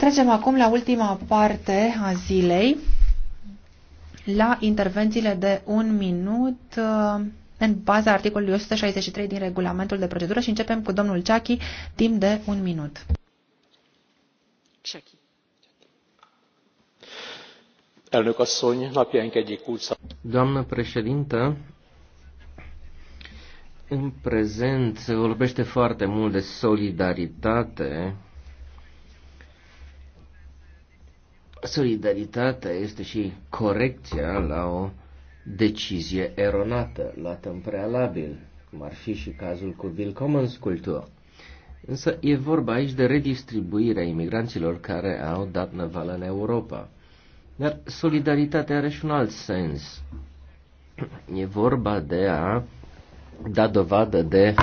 Trecem acum la ultima parte a zilei, la intervențiile de un minut uh, în baza articolului 163 din regulamentul de procedură și începem cu domnul Ceachi, timp de un minut. Ceachi. Doamnă președintă, în prezent se vorbește foarte mult de solidaritate Solidaritatea este și corecția la o decizie eronată, luată în prealabil, cum ar fi și cazul cu Culture. Însă e vorba aici de redistribuirea imigranților care au dat năvală în Europa. Dar solidaritatea are și un alt sens. E vorba de a da dovadă de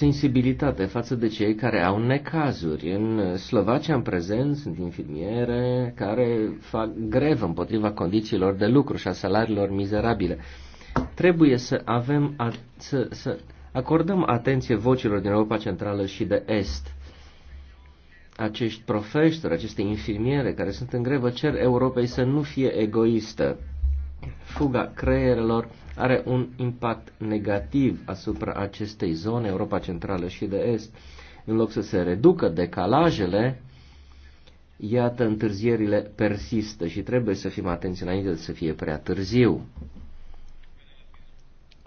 sensibilitate față de cei care au necazuri. În Slovacia, în prezent, sunt infirmiere care fac grevă împotriva condițiilor de lucru și a salariilor mizerabile. Trebuie să avem, a, să, să acordăm atenție vocilor din Europa Centrală și de Est. Acești profesori, aceste infirmiere care sunt în grevă, cer Europei să nu fie egoistă fuga creierelor are un impact negativ asupra acestei zone, Europa Centrală și de Est. În loc să se reducă decalajele, iată, întârzierile persistă și trebuie să fim atenți înainte să fie prea târziu.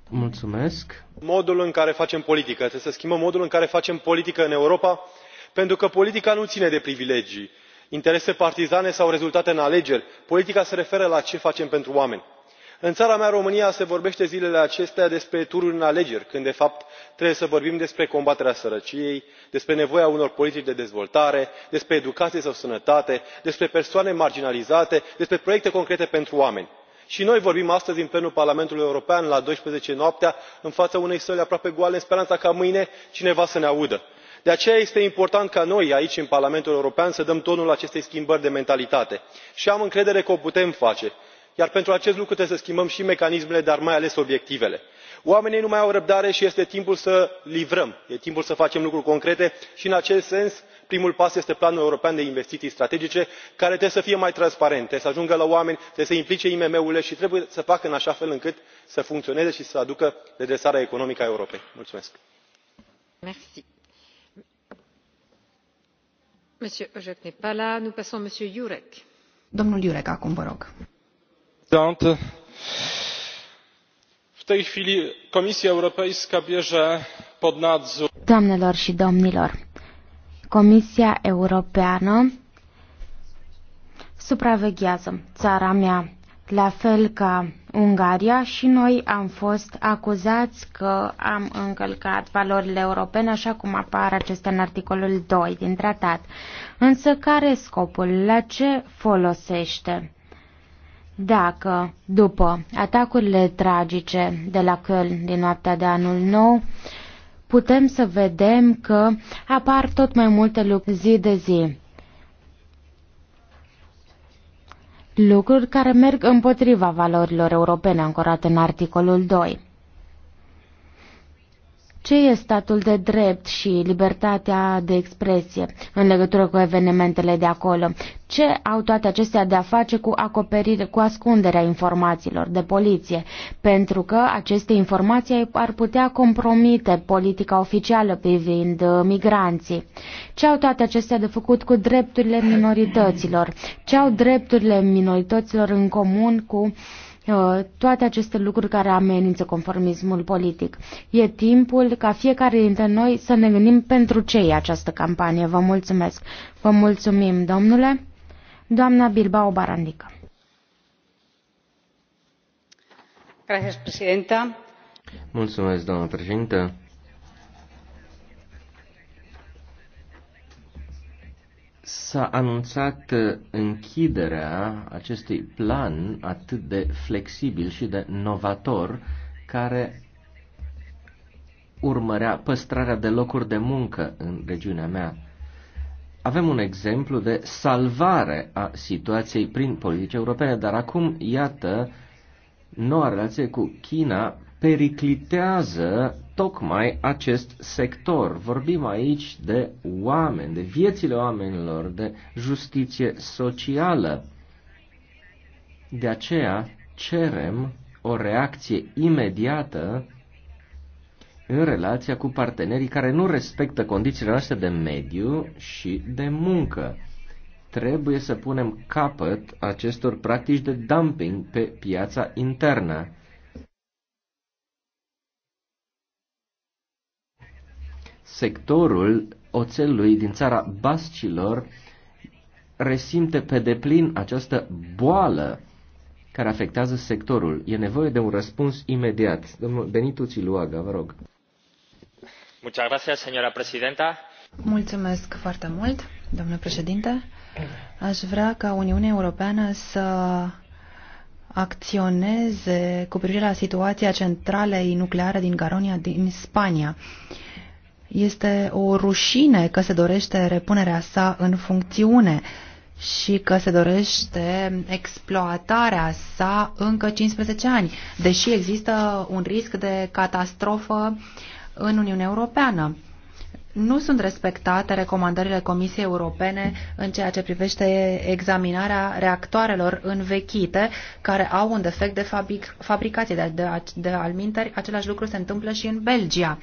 Mulțumesc. Modul în care facem politică. Trebuie să schimbăm modul în care facem politică în Europa, pentru că politica nu ține de privilegii interese partizane sau rezultate în alegeri politica se referă la ce facem pentru oameni. în țara mea românia se vorbește zilele acestea despre tururi în alegeri când de fapt trebuie să vorbim despre combaterea sărăciei despre nevoia unor politici de dezvoltare despre educație sau sănătate despre persoane marginalizate despre proiecte concrete pentru oameni. și noi vorbim astăzi în plenul parlamentului european la douăsprezece noaptea în fața unei săli aproape goale în speranța ca mâine cineva să ne audă de aceea este important ca noi aici în parlamentul european să dăm tonul acestei schimbări de mentalitate și am încredere că o putem face iar pentru acest lucru trebuie să schimbăm și mecanismele dar mai ales obiectivele. oamenii nu mai au răbdare și este timpul să livrăm este timpul să facem lucruri concrete și în acest sens primul pas este planul european de investiții strategice care trebuie să fie mai transparent trebuie să ajungă la oameni trebuie să implice imm urile și trebuie să facă în așa fel încât să funcționeze și să aducă redresarea economică a europei. mulțumesc w tej chwili komisja europejska bierze pod nadzór. doamnelor și domnilor comisia europeană supraveghează țara mea la fel ca Ungaria și noi am fost acuzați că am încălcat valorile europene așa cum apar acestea în articolul 2 din tratat. Însă care scopul? La ce folosește? Dacă, după atacurile tragice de la Köln din noaptea de anul nou, putem să vedem că apar tot mai multe lucruri zi de zi. lucruri care merg împotriva valorilor europene ancorate în articolul 2. Ce e statul de drept și libertatea de expresie în legătură cu evenimentele de acolo? Ce au toate acestea de a face cu acoperire, cu ascunderea informațiilor de poliție? Pentru că aceste informații ar putea compromite politica oficială privind uh, migranții. Ce au toate acestea de făcut cu drepturile minorităților? Ce au drepturile minorităților în comun cu uh, Uh, toate aceste lucruri care amenință conformismul politic. E timpul ca fiecare dintre noi să ne gândim pentru ce e această campanie. Vă mulțumesc. Vă mulțumim, domnule. Doamna Bilbao Barandică. Mulțumesc, doamnă președintă s-a anunțat uh, închiderea acestui plan atât de flexibil și de novator care urmărea păstrarea de locuri de muncă în regiunea mea. Avem un exemplu de salvare a situației prin politici europene, dar acum, iată, noua relație cu China periclitează tocmai acest sector. Vorbim aici de oameni, de viețile oamenilor, de justiție socială. De aceea cerem o reacție imediată în relația cu partenerii care nu respectă condițiile noastre de mediu și de muncă. Trebuie să punem capăt acestor practici de dumping pe piața internă. sectorul oțelului din țara Bascilor resimte pe deplin această boală care afectează sectorul. E nevoie de un răspuns imediat. Domnul Benito Ciluaga, vă rog. Mulțumesc foarte mult, domnule președinte. Aș vrea ca Uniunea Europeană să acționeze cu privire la situația centralei nucleare din Garonia din Spania. Uh, este o rușine că se dorește repunerea sa în funcțiune și că se dorește exploatarea sa încă 15 ani, deși există un risc de catastrofă în Uniunea Europeană. Nu sunt respectate recomandările Comisiei Europene în ceea ce privește examinarea reactoarelor învechite care au un defect de fabric, fabricație. De, de, de alminteri, același lucru se întâmplă și în Belgia.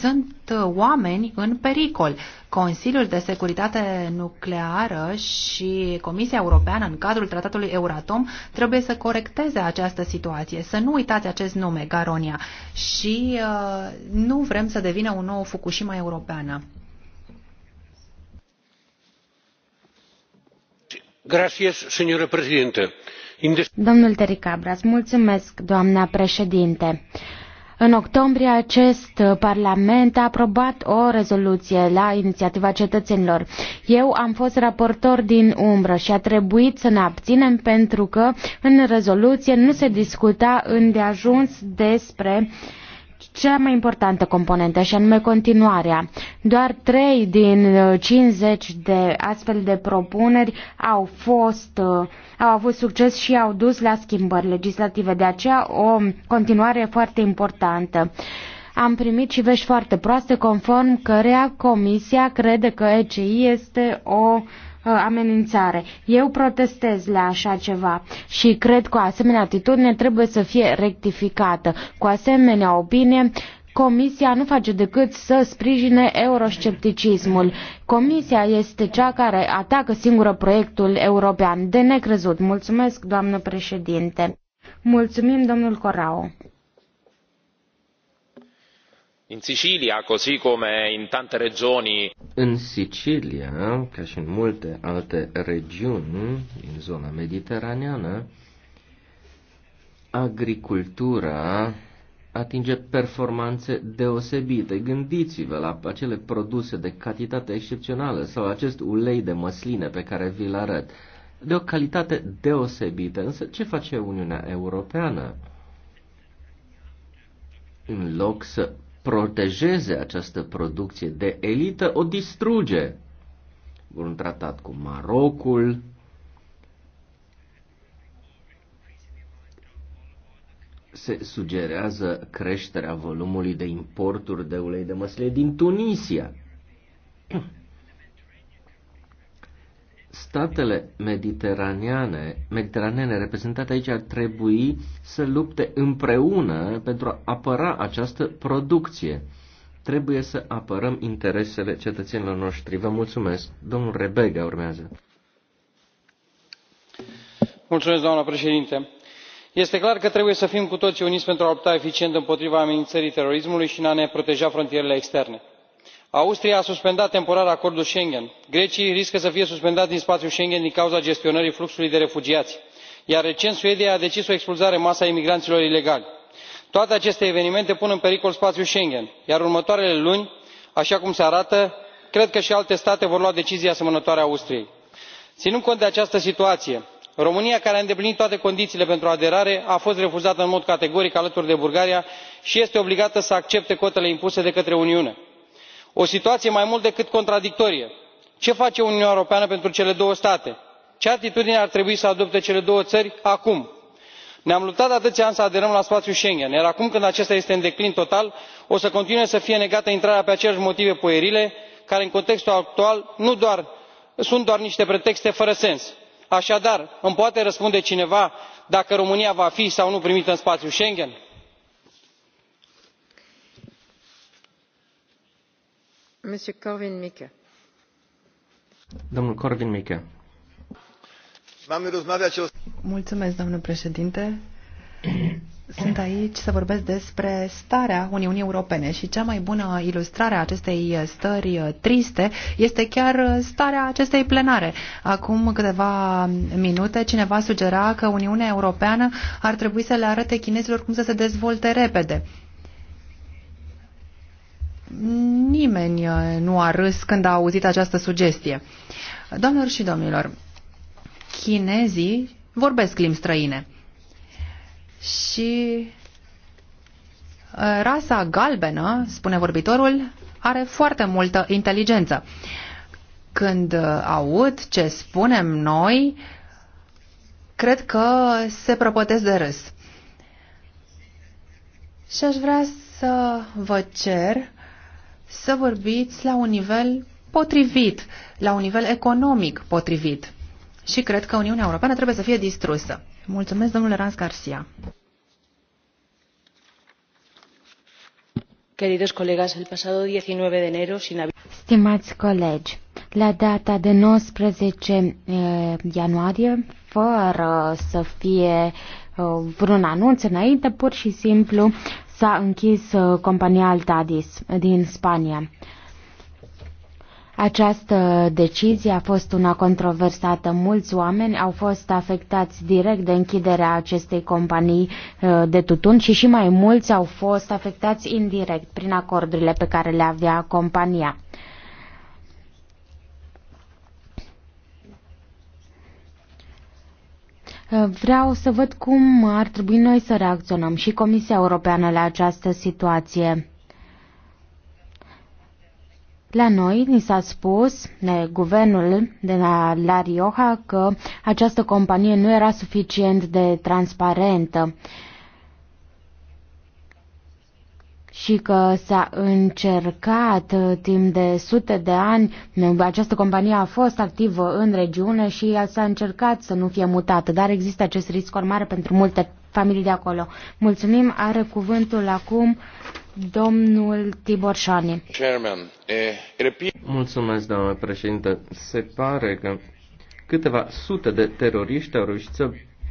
Sunt uh, oameni în pericol. Consiliul de Securitate Nucleară și Comisia Europeană în cadrul tratatului Euratom trebuie să corecteze această situație. Să nu uitați acest nume, Garonia. Și uh, nu vrem să devină un nou Fukushima europeană. Domnul Tericabras, mulțumesc, doamna președinte. În octombrie, acest Parlament a aprobat o rezoluție la inițiativa cetățenilor. Eu am fost raportor din umbră și a trebuit să ne abținem pentru că în rezoluție nu se discuta îndeajuns despre uh, cea mai importantă componentă, și anume continuarea. Doar 3 din 50 uh, de astfel de propuneri au fost, uh, au avut succes și au dus la schimbări legislative. De aceea o continuare foarte importantă. Am primit și vești foarte proaste conform cărea Comisia crede că ECI este o uh, Uh, amenințare. Eu protestez la așa ceva și cred că o asemenea atitudine trebuie să fie rectificată. Cu asemenea opinie, Comisia nu face decât să sprijine euroscepticismul. Comisia este cea care atacă singură proiectul european. De necrezut. Mulțumesc, doamnă președinte. Mulțumim, domnul Corao. In Sicilia, così come in tante regioni. În Sicilia, ca și în multe alte regiuni din zona mediteraneană, agricultura atinge performanțe deosebite. Gândiți-vă la acele produse de calitate excepțională sau acest ulei de măsline pe care vi-l arăt. De o calitate deosebită. Însă ce face Uniunea Europeană? În loc să protejeze această producție de elită, o distruge. Un tratat cu Marocul, se sugerează creșterea volumului de importuri de ulei de măsline din Tunisia statele mediteraneane, mediteraneane reprezentate aici ar trebui să lupte împreună pentru a apăra această producție. Trebuie să apărăm interesele cetățenilor noștri. Vă mulțumesc. Domnul Rebega urmează. Mulțumesc, doamna președinte. Este clar că trebuie să fim cu toții uniți pentru a lupta eficient împotriva amenințării terorismului și în a ne proteja frontierele externe austria a suspendat temporar acordul schengen grecii riscă să fie suspendați din spațiul schengen din cauza gestionării fluxului de refugiați iar recent suedia a decis o expulzare masă a imigranților ilegali. toate aceste evenimente pun în pericol spațiul schengen iar în următoarele luni așa cum se arată cred că și alte state vor lua decizii asemănătoare austriei. ținând cont de această situație românia care a îndeplinit toate condițiile pentru aderare a fost refuzată în mod categoric alături de bulgaria și este obligată să accepte cotele impuse de către uniune o situație mai mult decât contradictorie ce face uniunea europeană pentru cele două state ce atitudine ar trebui să adopte cele două țări acum? ne am luptat atâția ani să aderăm la spațiul schengen iar acum când acesta este în declin total o să continue să fie negată intrarea pe aceleași motive puerile care în contextul actual nu sunt doar niște pretexte fără sens. așadar îmi poate răspunde cineva dacă românia va fi sau nu primită în spațiul schengen? Corvin Mulțumesc, domnule președinte. Sunt aici să vorbesc despre starea Uniunii Europene și cea mai bună ilustrare a acestei stări triste este chiar starea acestei plenare. Acum câteva minute cineva sugera că Uniunea Europeană ar trebui să le arate chinezilor cum să se dezvolte repede. Nimeni uh, nu a râs când a auzit această sugestie. Domnilor și domnilor, chinezii vorbesc limbi străine și uh, rasa galbenă, spune vorbitorul, are foarte multă inteligență. Când uh, aud ce spunem noi, cred că se prăpătesc de râs. Și aș vrea să vă cer să vorbiți la un nivel potrivit, la un nivel economic potrivit. Și cred că Uniunea Europeană trebuie să fie distrusă. Mulțumesc, domnule Rans Garcia. Queridos colegas, el pasado 19 de enero, sin Stimați colegi, la data de 19 eh, ianuarie, fără să fie eh, vreun anunț înainte, pur și simplu s-a închis uh, compania Altadis din Spania. Această decizie a fost una controversată. Mulți oameni au fost afectați direct de închiderea acestei companii uh, de tutun și și mai mulți au fost afectați indirect prin acordurile pe care le avea compania. Eh, vreau să văd cum ar trebui noi să reacționăm și Comisia Europeană la această situație. La noi ni s-a spus, ne, guvernul de la, la Rioja, că această companie nu era suficient de transparentă. Uh, și că s-a încercat uh, timp de sute de ani, această companie a fost activă în regiune și s-a încercat să nu fie mutată, dar există acest risc mare pentru multe familii de acolo. Mulțumim, are cuvântul acum domnul Tibor Șani. Mulțumesc, doamnă președinte. Se pare că câteva sute de teroriști au reușit să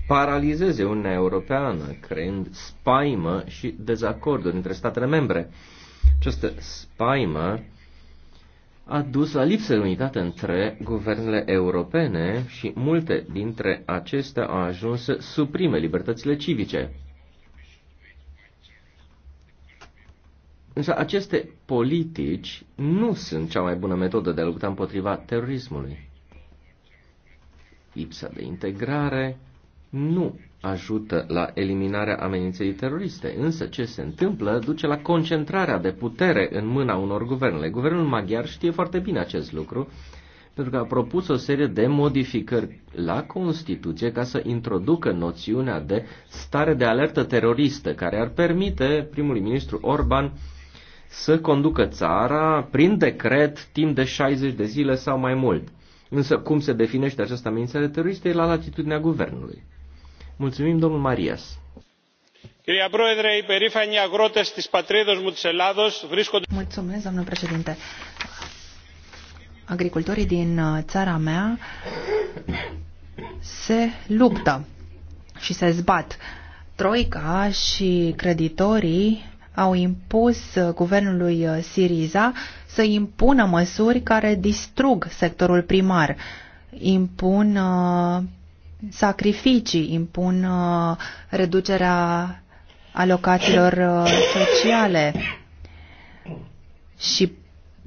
paralizeze Uniunea Europeană, creând spaimă și dezacorduri între statele membre. Această spaimă a dus la lipsă de unitate între guvernele europene și multe dintre acestea au ajuns să suprime libertățile civice. Însă aceste politici nu sunt cea mai bună metodă de a lupta împotriva terorismului. Lipsa de integrare nu ajută la eliminarea amenințării teroriste, însă ce se întâmplă duce la concentrarea de putere în mâna unor guverne. Guvernul maghiar știe foarte bine acest lucru, pentru că a propus o serie de modificări la Constituție ca să introducă noțiunea de stare de alertă teroristă, care ar permite primului ministru Orban să conducă țara prin decret timp de 60 de zile sau mai mult. Însă cum se definește această amenințare teroristă e la latitudinea guvernului. Mulțumim, domnul Marias. Mulțumesc, domnul președinte. Agricultorii din uh, țara mea se luptă și se zbat. Troica și creditorii au impus uh, guvernului uh, Siriza să impună măsuri care distrug sectorul primar, impun sacrificii, impun uh, reducerea alocațiilor uh, sociale și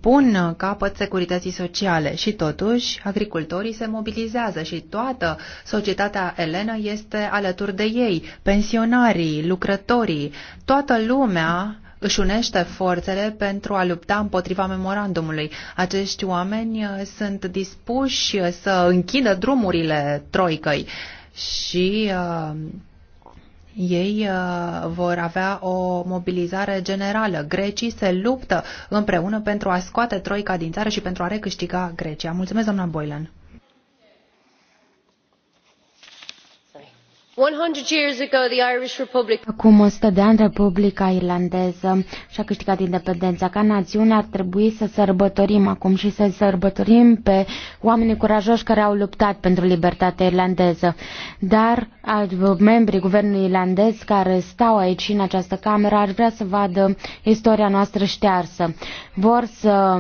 pun capăt securității sociale și totuși agricultorii se mobilizează și toată societatea elenă este alături de ei, pensionarii, lucrătorii, toată lumea își unește forțele pentru a lupta împotriva memorandumului. Acești oameni uh, sunt dispuși uh, să închidă drumurile troicăi și uh, ei uh, vor avea o mobilizare generală. Grecii se luptă împreună pentru a scoate Troica din țară și pentru a recâștiga Grecia. Mulțumesc, doamna Boylan. Acum 100 de ani, Republica Irlandeză și-a câștigat independența. Ca națiune ar trebui să sărbătorim acum și să sărbătorim pe oamenii curajoși care au luptat pentru libertatea irlandeză. Dar membrii guvernului irlandez care stau aici în această cameră ar vrea să vadă istoria noastră ștearsă. Vor să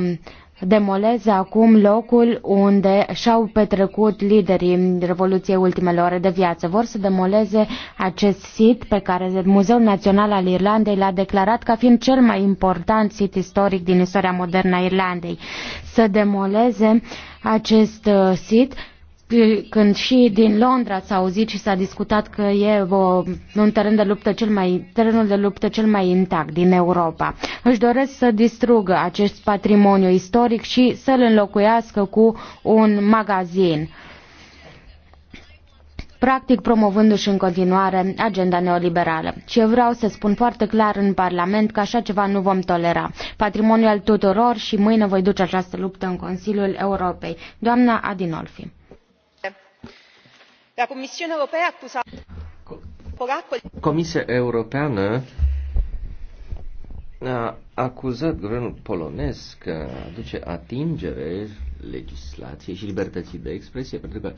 demoleze acum locul unde și-au petrecut liderii Revoluției ultimele ore de viață. Vor să demoleze acest sit pe care Muzeul Național al Irlandei l-a declarat ca fiind cel mai important sit istoric din istoria modernă a Irlandei. Să demoleze acest uh, sit când și din Londra s-a auzit și s-a discutat că e o, un teren de luptă cel mai, terenul de luptă cel mai intact din Europa. Își doresc să distrugă acest patrimoniu istoric și să-l înlocuiască cu un magazin practic promovându-și în continuare agenda neoliberală. Și eu vreau să spun foarte clar în Parlament că așa ceva nu vom tolera. Patrimoniul tuturor și mâine voi duce această luptă în Consiliul Europei. Doamna Adinolfi. La Europeană acuza Comisia Europeană a acuzat guvernul polonez că aduce atingere legislației și libertății de expresie, pentru că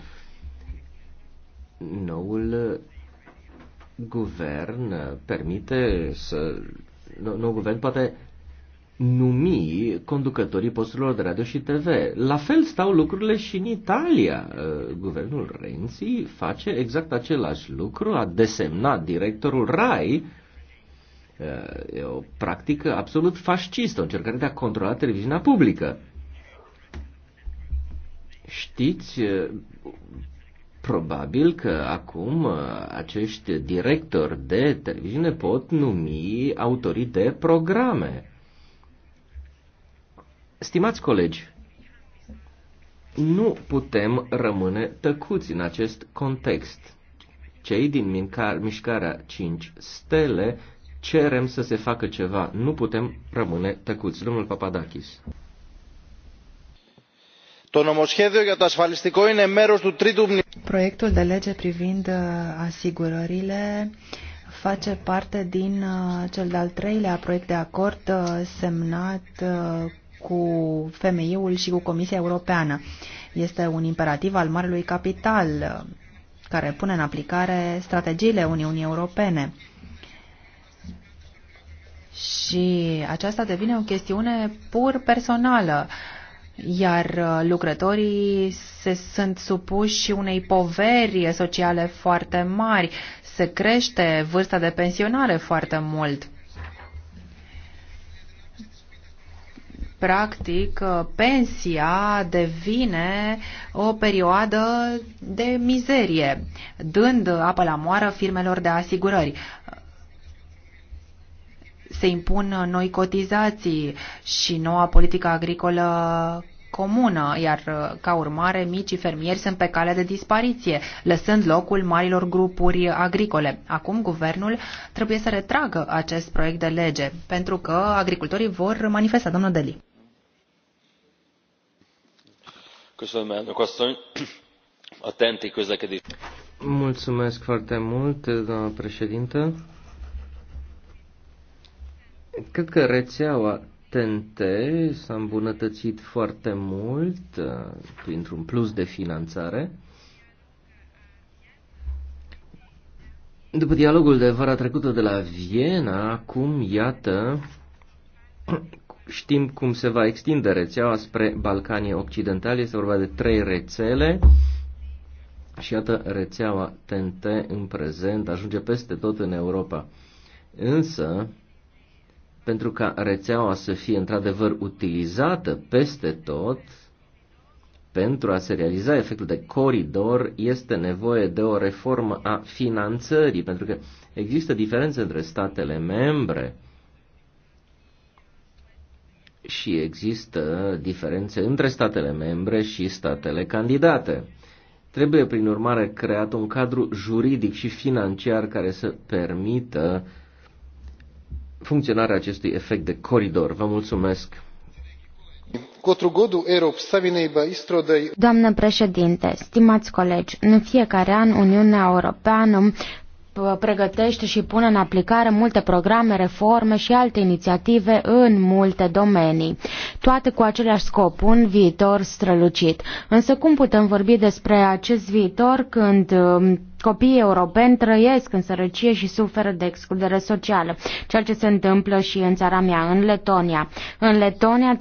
noul guvern permite să Noul guvern poate numi conducătorii posturilor de radio și TV. La fel stau lucrurile și în Italia. Uh, guvernul Renzi face exact același lucru, a desemnat directorul RAI. Uh, e o practică absolut fascistă, o încercare de a controla televiziunea publică. Știți, uh, probabil că acum acești directori de televiziune pot numi autorii de programe Stimați colegi, nu putem rămâne tăcuți în acest context. Cei din mișcarea 5 stele cerem să se facă ceva. Nu putem rămâne tăcuți. Domnul Papadakis. Proiectul de lege privind uh, asigurările face parte din uh, cel de-al treilea proiect de acord uh, semnat cu ul și cu Comisia Europeană. Este un imperativ al marelui capital care pune în aplicare strategiile Uniunii Europene. Și aceasta devine o chestiune pur personală, iar uh, lucrătorii se, sunt supuși unei poveri sociale foarte mari, se crește vârsta de pensionare foarte mult. practic, uh, pensia devine o perioadă de mizerie, dând apă la moară firmelor de asigurări se impun noi cotizații și noua politică agricolă comună, iar uh, ca urmare micii fermieri sunt pe cale de dispariție, lăsând locul marilor grupuri agricole. Acum guvernul trebuie să retragă acest proiect de lege, pentru că agricultorii vor manifesta, domnul Deli. elnök asszony! a közlekedés. Mulțumesc foarte mult, doamna președintă. Cred că rețeaua TNT s-a îmbunătățit foarte mult uh, printr-un plus de finanțare. După dialogul de vara trecută de la Viena, acum, iată, Știm cum se va extinde rețeaua spre Balcanii Occidentali. Este vorba de trei rețele. Și iată, rețeaua TNT în prezent ajunge peste tot în Europa. Însă, pentru ca rețeaua să fie într-adevăr utilizată peste tot, pentru a se realiza efectul de coridor, este nevoie de o reformă a finanțării, pentru că există diferențe între statele membre și există diferențe între statele membre și statele candidate. Trebuie, prin urmare, creat un cadru juridic și financiar care să permită funcționarea acestui efect de coridor. Vă mulțumesc! Doamnă președinte, stimați colegi, în fiecare an Uniunea Europeană pregătește și pune în aplicare multe programe, reforme și alte inițiative în multe domenii, toate cu același scop, un viitor strălucit. Însă cum putem vorbi despre acest viitor când um, Copiii europeni trăiesc în sărăcie și suferă de excludere socială, ceea ce se întâmplă și în țara mea, în Letonia. În Letonia,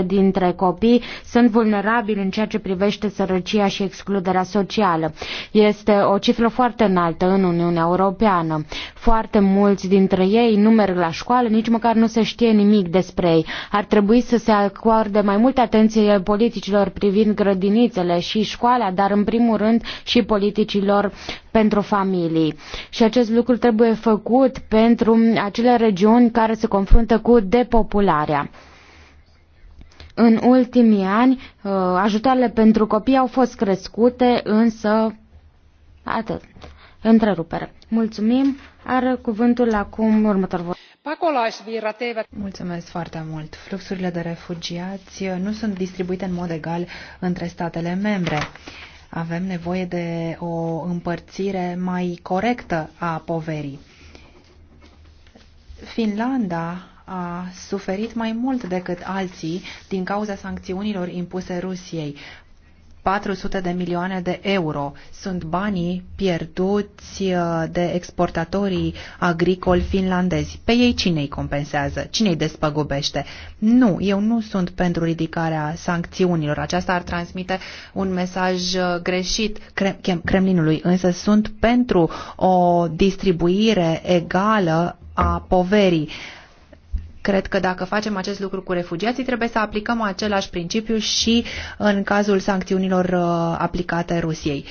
34,5% dintre copii sunt vulnerabili în ceea ce privește sărăcia și excluderea socială. Este o cifră foarte înaltă în Uniunea Europeană. Foarte mulți dintre ei nu merg la școală, nici măcar nu se știe nimic despre ei. Ar trebui să se acorde mai multă atenție politicilor privind grădinițele și școala, dar în primul rând și politicilor pentru familii. Și acest lucru trebuie făcut pentru acele regiuni care se confruntă cu depopularea în ultimii ani uh, ajutoarele pentru copii au fost crescute, însă atât. Întrerupere. Mulțumim. Are cuvântul acum următorul Pakolaisvirrat Mulțumesc foarte mult. Fluxurile de refugiați uh, nu sunt distribuite în mod egal între statele membre. Avem nevoie de o împărțire mai corectă a poverii. Finlanda a suferit mai mult decât alții din cauza sancțiunilor impuse Rusiei, 400 de milioane de euro. Sunt banii pierduți uh, de exportatorii agricoli finlandezi. Pe ei cine îi compensează? Cine îi despăgubește? Nu, eu nu sunt pentru ridicarea sancțiunilor. Aceasta ar transmite un mesaj uh, greșit Kremlinului, însă sunt pentru o distribuire egală a poverii Cred că dacă facem acest lucru cu refugiații, trebuie să aplicăm același principiu și în cazul sancțiunilor uh, aplicate Rusiei.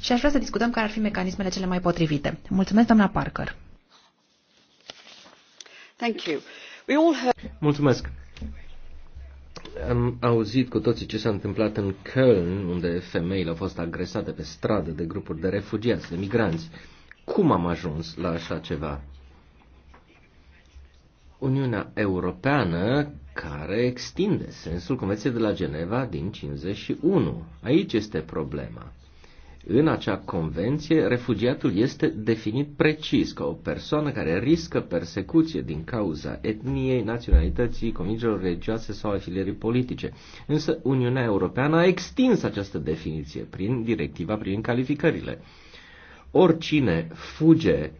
Și aș vrea să discutăm care ar fi mecanismele cele mai potrivite. Mulțumesc, doamna Parker. Thank you. We all heard... Mulțumesc. Am auzit cu toții ce s-a întâmplat în Köln, unde femeile au fost agresate pe stradă de grupuri de refugiați, de migranți. Cum am ajuns la așa ceva? Uniunea Europeană care extinde sensul Convenției de la Geneva din 51. Aici este problema. În acea convenție, refugiatul este definit precis ca o persoană care riscă persecuție din cauza etniei, naționalității, convingerilor religioase sau afilierii politice. Însă Uniunea Europeană a extins această definiție prin directiva privind calificările. Oricine fuge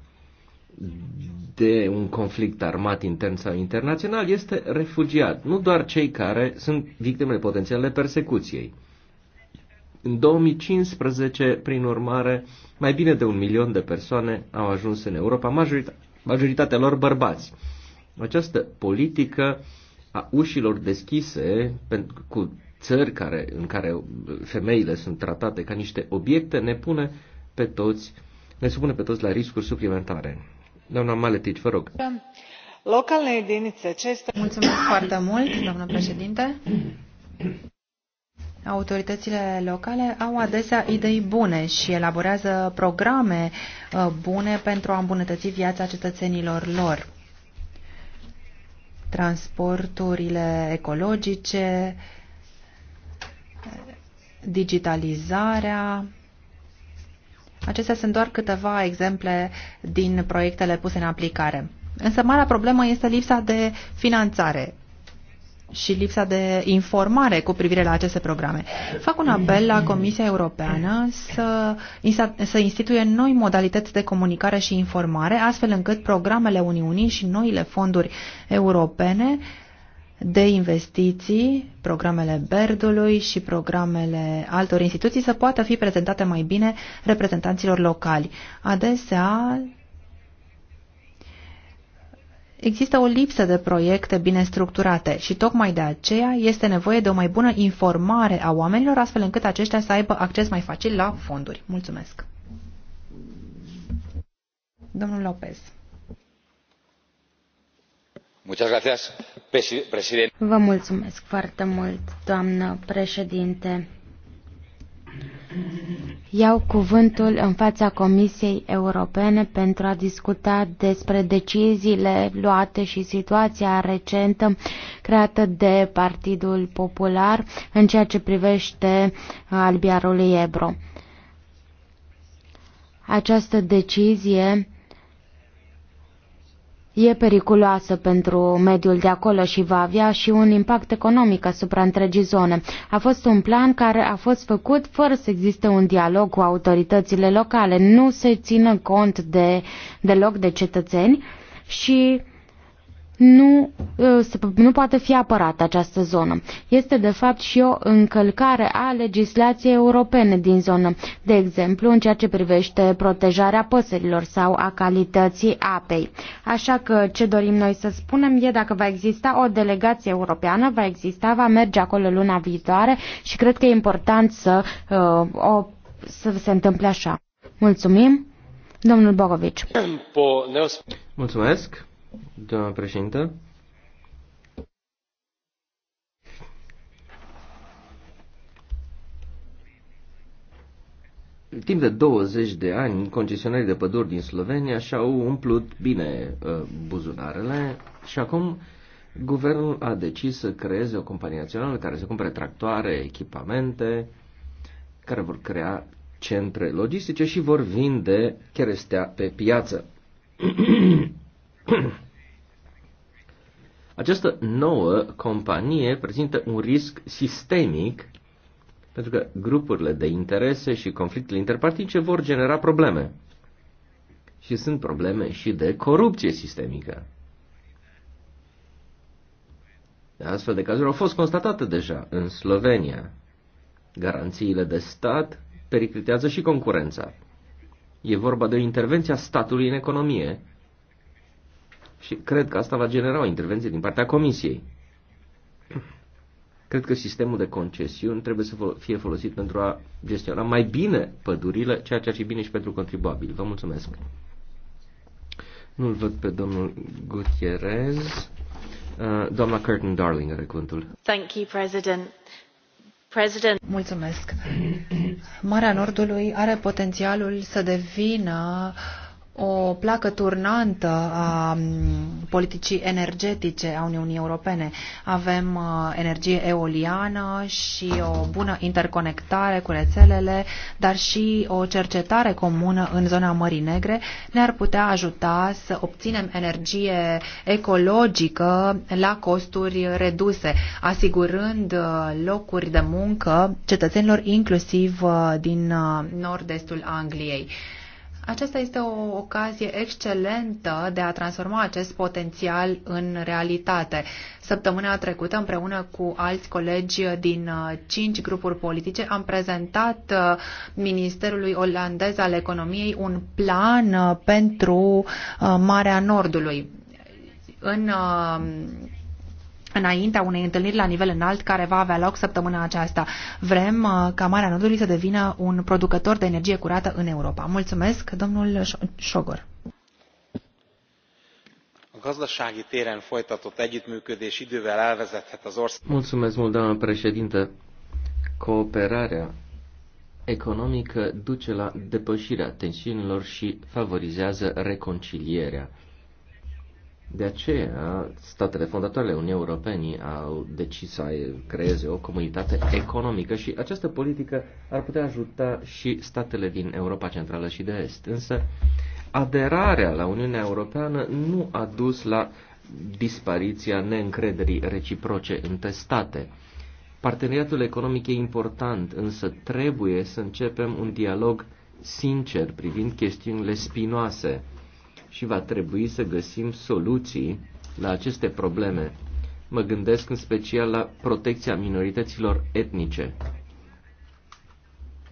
de un conflict armat intern sau internațional este refugiat, nu doar cei care sunt victimele potențiale persecuției. În 2015, prin urmare, mai bine de un milion de persoane au ajuns în Europa, majorita- majoritatea lor bărbați. Această politică a ușilor deschise cu țări care, în care femeile sunt tratate ca niște obiecte ne pune pe toți, ne supune pe toți la riscuri suplimentare. Doamnă Maletici, vă rog. Localne ce este Mulțumesc foarte mult, domnul președinte. Autoritățile locale au adesea idei bune și elaborează programe uh, bune pentru a îmbunătăți viața cetățenilor lor. Transporturile ecologice, digitalizarea, Acestea sunt doar câteva exemple din proiectele puse în aplicare. Însă marea problemă este lipsa de finanțare și lipsa de informare cu privire la aceste programe. Fac un apel la Comisia Europeană să, să instituie noi modalități de comunicare și informare, astfel încât programele Uniunii și noile fonduri europene de investiții, programele Berdului și programele altor instituții să poată fi prezentate mai bine reprezentanților locali. Adesea există o lipsă de proiecte bine structurate și tocmai de aceea este nevoie de o mai bună informare a oamenilor astfel încât aceștia să aibă acces mai facil la fonduri. Mulțumesc! Domnul Lopez. Vă mulțumesc foarte mult, doamnă președinte. Iau cuvântul în fața Comisiei Europene pentru a discuta despre deciziile luate și situația recentă creată de Partidul Popular în ceea ce privește uh, albiarul Ebro. Această decizie e periculoasă pentru mediul de acolo și va avea și un impact economic asupra întregii zone. A fost un plan care a fost făcut fără să existe un dialog cu autoritățile locale, nu se țină cont de, deloc de cetățeni și nu, ă, nu poate fi apărată această zonă. Este de fapt și o încălcare a legislației europene din zonă, de exemplu în ceea ce privește protejarea păsărilor sau a calității apei. Așa că ce dorim noi să spunem e dacă va exista o delegație europeană, va exista, va merge acolo luna viitoare și cred că e important să, uh, o, să se întâmple așa. Mulțumim! Domnul Bogovici. Mulțumesc! Doamna președintă. Timp de 20 de ani, concesionarii de păduri din Slovenia și-au umplut bine uh, buzunarele și acum guvernul a decis să creeze o companie națională care să cumpere tractoare, echipamente, care vor crea centre logistice și vor vinde cherestea pe piață. Această nouă companie prezintă un risc sistemic pentru că grupurile de interese și conflictele interpartice vor genera probleme. Și sunt probleme și de corupție sistemică. Astfel de cazuri au fost constatate deja în Slovenia. Garanțiile de stat periclitează și concurența. E vorba de o intervenție a statului în economie și cred că asta va genera o intervenție din partea Comisiei. Cred că sistemul de concesiuni trebuie să fie folosit pentru a gestiona mai bine pădurile, ceea ce ar fi bine și pentru contribuabili. Vă mulțumesc. Nu-l văd pe domnul Gutierrez. Uh, doamna Curtin Darling are cuvântul. Thank you, President. President. Mulțumesc. Marea Nordului are potențialul să devină o placă turnantă a politicii energetice a Uniunii Europene. Avem uh, energie eoliană și o bună interconectare cu rețelele, dar și o cercetare comună în zona Mării Negre ne-ar putea ajuta să obținem energie ecologică la costuri reduse, asigurând uh, locuri de muncă cetățenilor inclusiv uh, din nord-estul Angliei. Aceasta este o ocazie excelentă de a transforma acest potențial în realitate. Săptămâna trecută, împreună cu alți colegi din uh, cinci grupuri politice, am prezentat uh, Ministerului Olandez al Economiei un plan uh, pentru Marea Nordului. În înaintea unei întâlniri la nivel înalt care va avea loc săptămâna aceasta. Vrem uh, ca Marea Nordului să devină un producător de energie curată în Europa. Mulțumesc, domnul Șogor. gazdasági téren folytatott együttműködés idővel elvezethet az ország. Mulțumesc mult, doamnă președinte. Cooperarea economică duce la depășirea tensiunilor și favorizează reconcilierea. De aceea, statele fondatoare ale Uniunii Europene au decis să creeze o comunitate economică și această politică ar putea ajuta și statele din Europa Centrală și de Est. Însă, aderarea la Uniunea Europeană nu a dus la dispariția neîncrederii reciproce între state. Parteneriatul economic e important, însă trebuie să începem un dialog sincer privind chestiunile spinoase și va trebui să găsim soluții la aceste probleme. Mă gândesc în special la protecția minorităților etnice.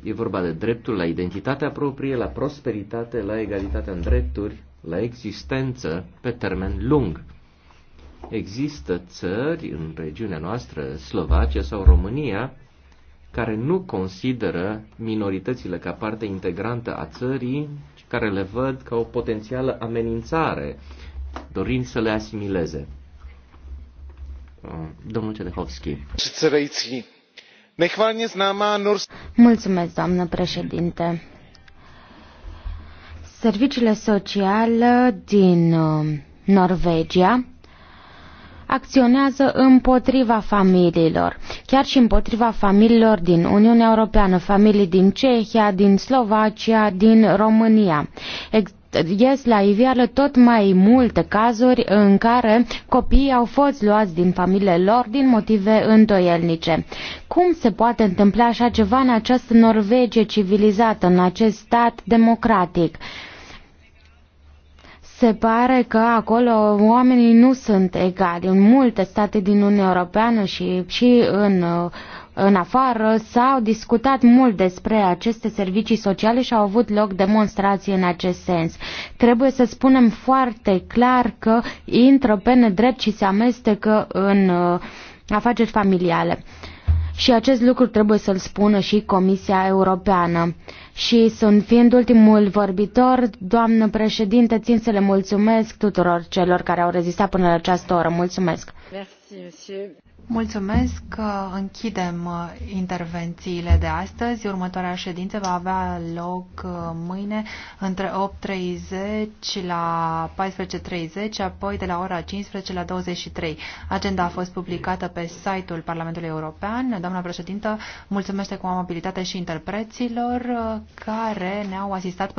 E vorba de dreptul la identitatea proprie, la prosperitate, la egalitatea în drepturi, la existență pe termen lung. Există țări în regiunea noastră, Slovacia sau România, care nu consideră minoritățile ca parte integrantă a țării, ci care le văd ca o potențială amenințare, dorind să le asimileze. Domnul Cedehovski. Mulțumesc, doamnă președinte. Serviciile sociale din uh, Norvegia acționează împotriva familiilor, chiar și împotriva familiilor din Uniunea Europeană, familii din Cehia, din Slovacia, din România. Ex- ies la iveală tot mai multe cazuri în care copiii au fost luați din familiile lor din motive îndoielnice. Cum se poate întâmpla așa ceva în această Norvegie civilizată, în acest stat democratic? Se pare că acolo oamenii nu sunt egali. În multe state din Uniunea Europeană și, și în, în afară s-au discutat mult despre aceste servicii sociale și au avut loc demonstrații în acest sens. Trebuie să spunem foarte clar că intră pe nedrept și se amestecă în uh, afaceri familiale. Și acest lucru trebuie să-l spună și Comisia Europeană. Și sunt fiind ultimul vorbitor, doamnă președinte, țin să le mulțumesc tuturor celor care au rezistat până la această oră. Mulțumesc! Merci, Mulțumesc că închidem uh, intervențiile de astăzi. Următoarea ședință va avea loc uh, mâine între 8.30 la 14.30, apoi de la ora 15 la 23. Agenda a fost publicată pe site-ul Parlamentului European. Doamna președintă, mulțumește cu amabilitate și interpreților uh, care ne-au asistat până